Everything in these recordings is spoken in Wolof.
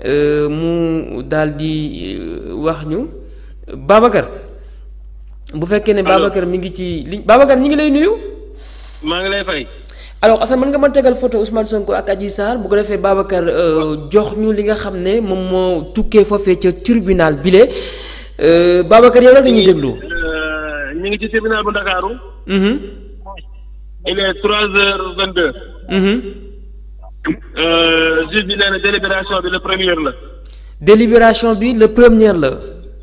Euh, mu daal di euh, wax ñu Babacar. bu fekkee ne Babacar mi ngi ci li Babacar ñu ngi lay nuyu. maa ngi lay fay. alors mën nga ma tegal photo Ousmane Sonko ak aji saar bu ko defee Babacar euh, jox ñu li nga xam ne moom moo tukkee foofee ca tribunal bile Babacar yow rek la déglu. ñu ngi ci tribunal bu Ndakaaru. Mhm. il est trois heures vingt deux. Mhm. Euh, juge bi nee na délibération bi le premier la. délibération bi le première la.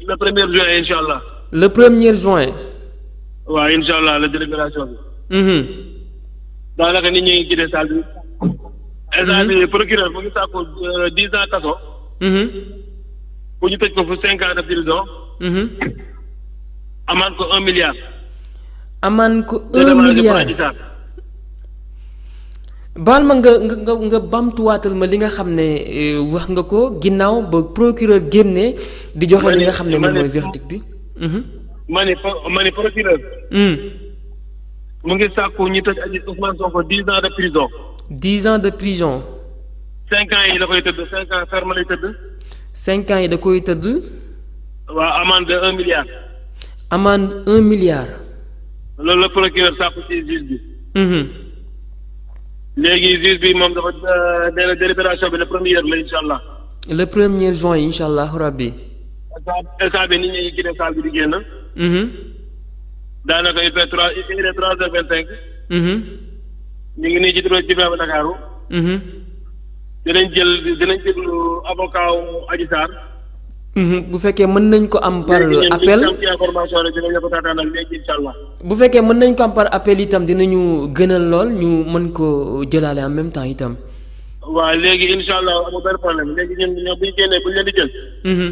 le premier juin incha allah. le premier juin. waaw incha la délibération bi. Mhm. daanaka nit ñi ngi gisee salle bi. exemple mhm. bi procureur mu ngi sàkku euh, dix ans kaso. bu mhm. ñu tëj ko fu cinq ans de prison. amaan ko un milliard. amaan ko un milliard. baal ma nga nga nga bamtuwaatal ma li nga xam ne euh, wax nga ko ginnaaw ba procureur génnee di joxe li nga xam ne moom mooy verdict bi. Mhm. ma ne procureur. Mhm. mu ngi sàkku ñu tëj aji Ousmane dix ans de prison. dix ans de prison. cinq ans yi la koy tëdd cinq ans ferme lay tëdd. cinq ans yi da koy tëdd. waaw amende de un milliard. amende un milliard. loolu la procureur sàkku ci juge bi. Mhm. léegi juge bi moom dafa délai euh, délibération bi le premier la incha allah. le premier juin incha allah rabbi. instant bi nit ñi génne saal di génn. Mm-hmm. daanaka il fait trois il est trois heures vingt cinq. Mm-hmm. ñu ngi nii ci ci ba Dakar. Mm-hmm. dinañ jël dinañ déglu avocat wu Mhm. bu fekkee mën nañ ko am par appel bu fekkee mën nañ ko am par appel itam dinañu gënal lool ñu mën ko jëlaale en même temps itam. waaw léegi incha allah amul benn problème di jël. Mhm.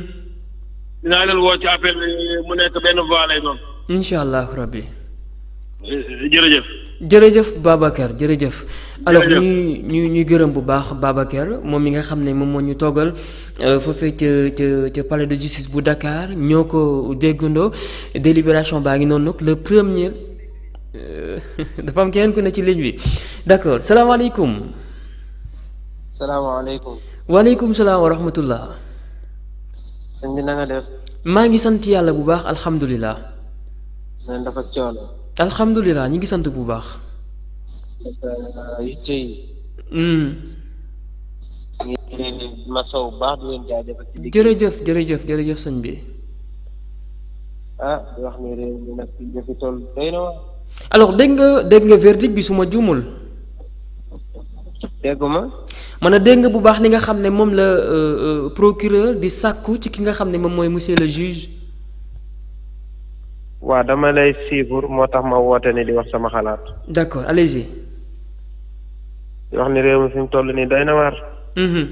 dinaa leen woo ci appel mu nekk benn voix lay doon. incha allah rabbi. Eh, jërëjëf. jërëjëf Babacar jërëjëf. alors ñu ñu ñuy gërëm bu baax Babacar moom mi nga xam ne moom moo ñu toggal euh, foofee ca ca ca palais de justice bu dakaar ñoo ko déggandoo délibération baa ngi noonu nag le premier euh, dafa am keneen ku ne ci ligne bi d'accord salaamaaleykum. salaamaaleykum. waaleykum salaam wa rahmatullah. sëñ bi na nga maa ngi sant yàlla bu baax alhamdulilah. na dafa coono. alhamdulilah ñu ngi sant bu baax. yu tëy hmm. masaw baax di leen jaajëfal ci jërëjëf jërëjëf jërëjëf sëñ bi ah wax ni dégg nga dégg nga verdict bi su ma juumul dégguma man a dégg nga bu baax li nga xam ne moom la euh, euh, procureur di sàkku ci ki nga xam ne moom mooy monsieur le juge waa dama lay suivre moo tax ma woote ni di wax sama xalaat d'accord allez-y di wax ni réew mi fi mu nii doy na waar. Mm-hmm.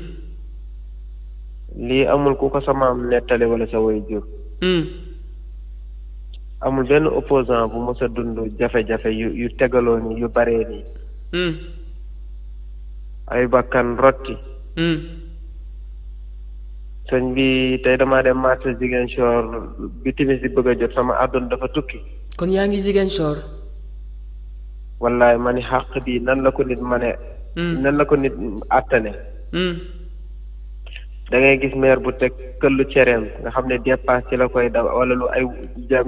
lii amul ku ko sa maam nettali wala sa waajur. Mm. amul benn opposant bu mos a dund jafe-jafe yu yu tegaloo nii yu baree nii. Mm. ay bakkan rotti. Mm. sëñ bi tey dama dem marché Ziguinchor bi timis di bëgg a jot sama àdduna dafa tukki. kon yaa ngi Ziguinchor. wallaay ma ni xàq bi nan la ko nit ma ne Hmm. nan la ko nit àttane hmm. da ngay gis maire bu teg këllu cereem nga xam ne dépasse ci la koy daw wala lu ay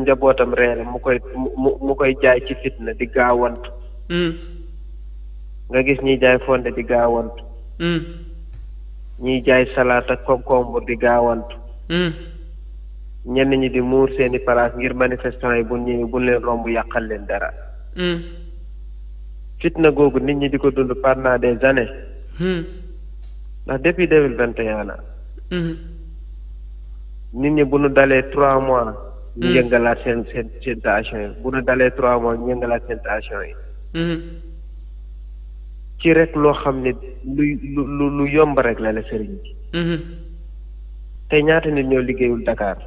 njabootam reere mu koy mu mu koy jaay ci fitna di gaawant hmm. nga gis ñi jaay fonde di gaawant ñiy jaay salaat ak concombre di gaawant ñenn ñi di muur seeni palaas ngir manifestant yi bu ñëwee bu leen romb yàqal leen dara fitna googu nit ñi di ko dund pendant des années. Hmm. ndax depuis deux mille vingt et un hmm. nit ñi bu nu dalee trois mois. ñu hmm. yëngalaat seen seen yi bu nu dalee trois mois ñu yëngalaat seen tension yi. ci rek loo xam ne lu lu lu yomb rek la la sëriñ bi. te ñaata nit ñoo liggéeyul Dakar.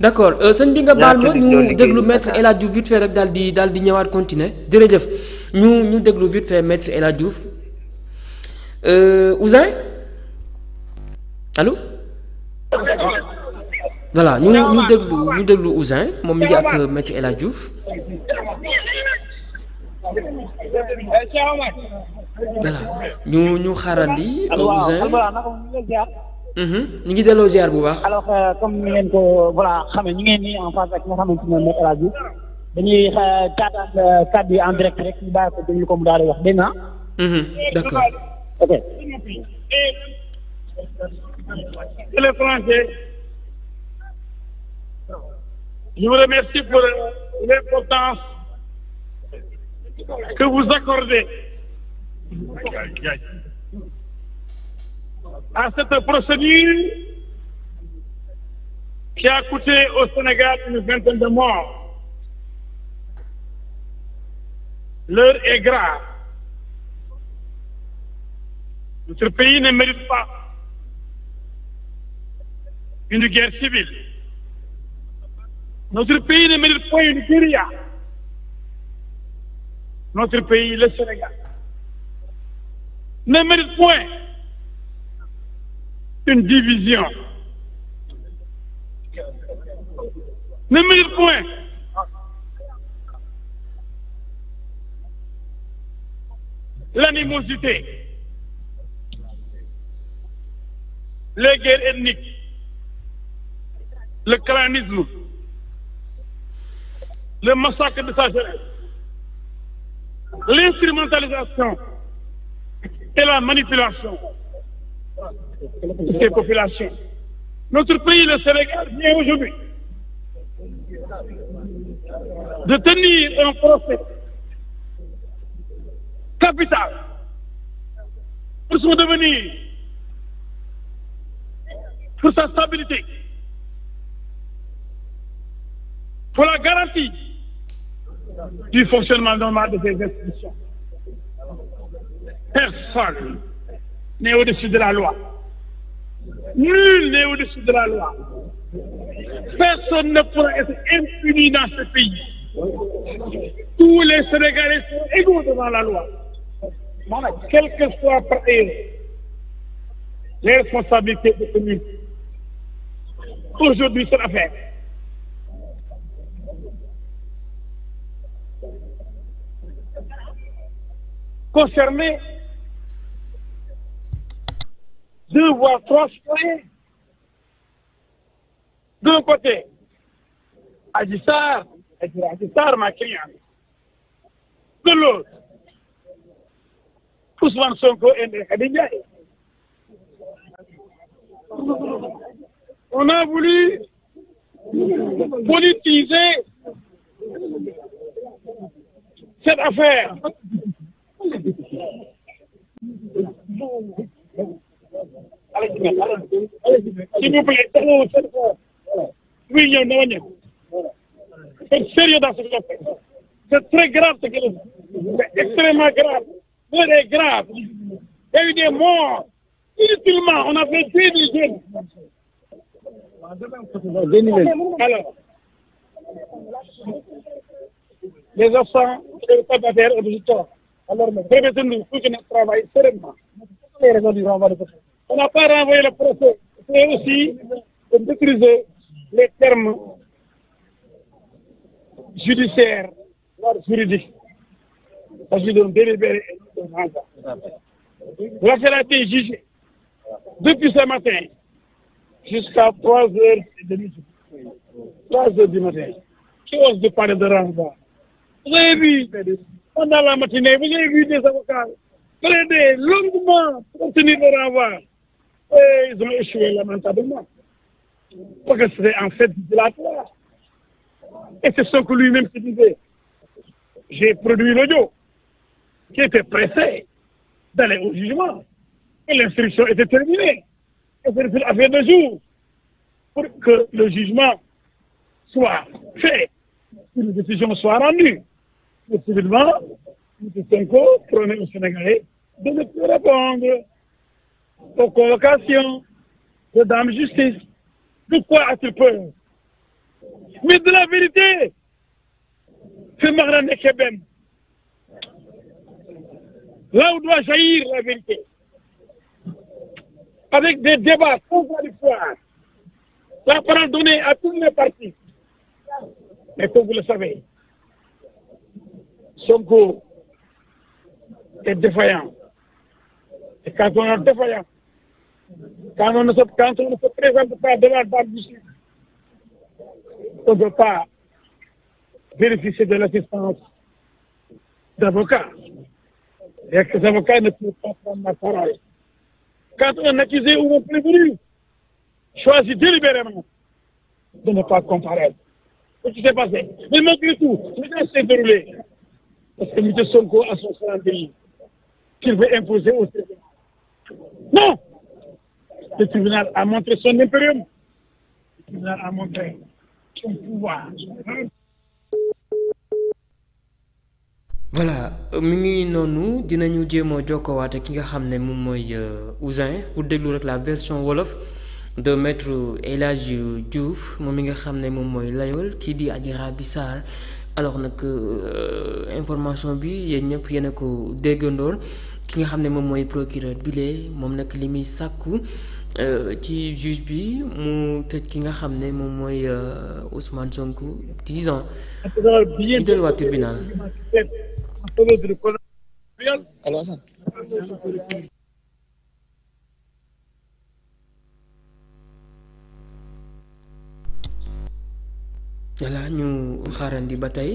d' accord euh, sëñ bi nga baal ma ñu déglu maître El Hadj rek daal di daal di ñëwaat continuer jërëjëf ñu ñu déglu vite fait maître El Hadj Diouf euh, Ouzin ñu ñu déglu ñu déglu Ouzin moom mi ngi ak euh, maître El Hadj Diouf ñu ñu xaarandi Ouzin Mhm. ñu ngi delloo ziar bu baax. alors euh, comme ni ngeen ko voilà xamee ñu ngeen nii en face ak nga xamante ne mooy El Hadj dañuy euh, taataan euh, kàddu yi en direct rek ñu bàyyi ko déglu ko mu daal di wax dégg nga. Mhm. d'accord ok. les Français, je vous remercie pour l'importance que vous accordez. à cette procédure qui a coûté au Sénégal une vingtaine de morts. L'heure est grave. Notre pays ne mérite pas une guerre civile. Notre pays ne mérite pas une guérilla. Notre pays, le Sénégal, ne mérite point une division. Le meilleur point. L'animosité. Les guerres ethniques. Le clanisme. Le massacre de sa jeunesse. L'instrumentalisation et la manipulation. de ses populations. Notre le Sénégal, vient aujourd'hui de tenir un procès capital pour son devenir, pour sa stabilité, pour la garantie du fonctionnement normal de ces institutions. Personne n'est au-dessus de la loi. Nul n'est au-dessus de la loi. Personne ne pourra être impuni dans ce pays. Tous les Sénégalais sont égaux devant la loi. Quel que soit par ailleurs les responsabilités de communes. Aujourd'hui, c'est l'affaire. Concerné deux voies transférées d'un côté Adji Sarr Adji Sarr ma cliente de l'autre Ousmane Sonko et Ndèye Khady Ndiaye on a allez s'il vous plaît taxawoo seen muy ñëw na wàññeeku c'est sérieux dans ce que fait c'est très grave ce qu'il fait c'est extrêmement grave c'est grave a eu des morts inutilement on a fait tuer des jeunes alors les absents les observateurs ont du tort alors que le préfet Ndour faut qu'il travaille sereinement les raisons On n'a pas renvoyé le procès. C'est aussi de maîtriser les termes judiciaires, voire juridiques. Parce qu'ils ont délibéré et nous avons L'affaire a été jugée depuis ce matin jusqu'à 3h30. 3h du matin. Qui ose de parler de renvoi Vous avez vu, pendant la matinée, vous avez vu des avocats plaider longuement pour obtenir le renvoi. Et ils ont échoué lamentablement. Parce que c'était en fait dilatoire. Et c'est ce que lui-même se disait. J'ai produit l'audio qui était pressé d'aller au jugement. Et l'instruction était terminée. Et c'est une de jours pour que le jugement soit fait, qu'une décision soit rendue. Et civilement, M. Senko de ne répondre. aux convocations, de dame justice. De quoi as-tu peur Mais de la vérité C'est Mahran Keben. Là où doit jaillir la vérité. Avec des débats contradictoires. La parole donnée à tous les partis. Mais comme vous le savez, Sonko est défaillant. quand on est défaillant quand on ne se quand on ne se présente pas devant la barre du Sud on ne peut pas bénéficier de l'assistance d'avocats et que les avocats ne peuvent pas prendre la parole quand un accusé ou un prévenu choisit délibérément de ne pas comparaître ce qui s'est passé mais malgré tout le cas s'est déroulé parce que M. Sonko a son calendrier qu'il veut imposer au tribunal Non Le tribunal mi ngi noonu dinañu jéem a jokkowaate ki nga xam ne moom mooy euh, Ouzin pour déglu rek la version wolof de maître El Hadji Diouf moom mi nga xam ne moom mooy layool kii di Adji Raby Sarr alors nag euh, information bi yéen ñëpp yéen a ko déggandoon ki nga xam ne moom mooy procureur bile moom nag li muy sàkku euh, ci juge bi mu tëj ki nga xam ne moom mooy euh, Ousmane Sonko dix ans ñu delluwaat tribunal voilà ñu ba tey.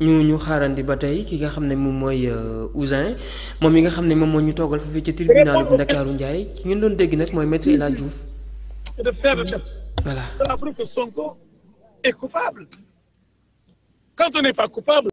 ñu ñu xaarandi ba tey ki nga xam ne moom mooy euh, Ousin moom yi nga xam ne moom moom ñu toogal foofee ci tribunal bu Ndakaaru Ndiaye ki ngeen doon dégg nag mooy maître El Hadj Diouf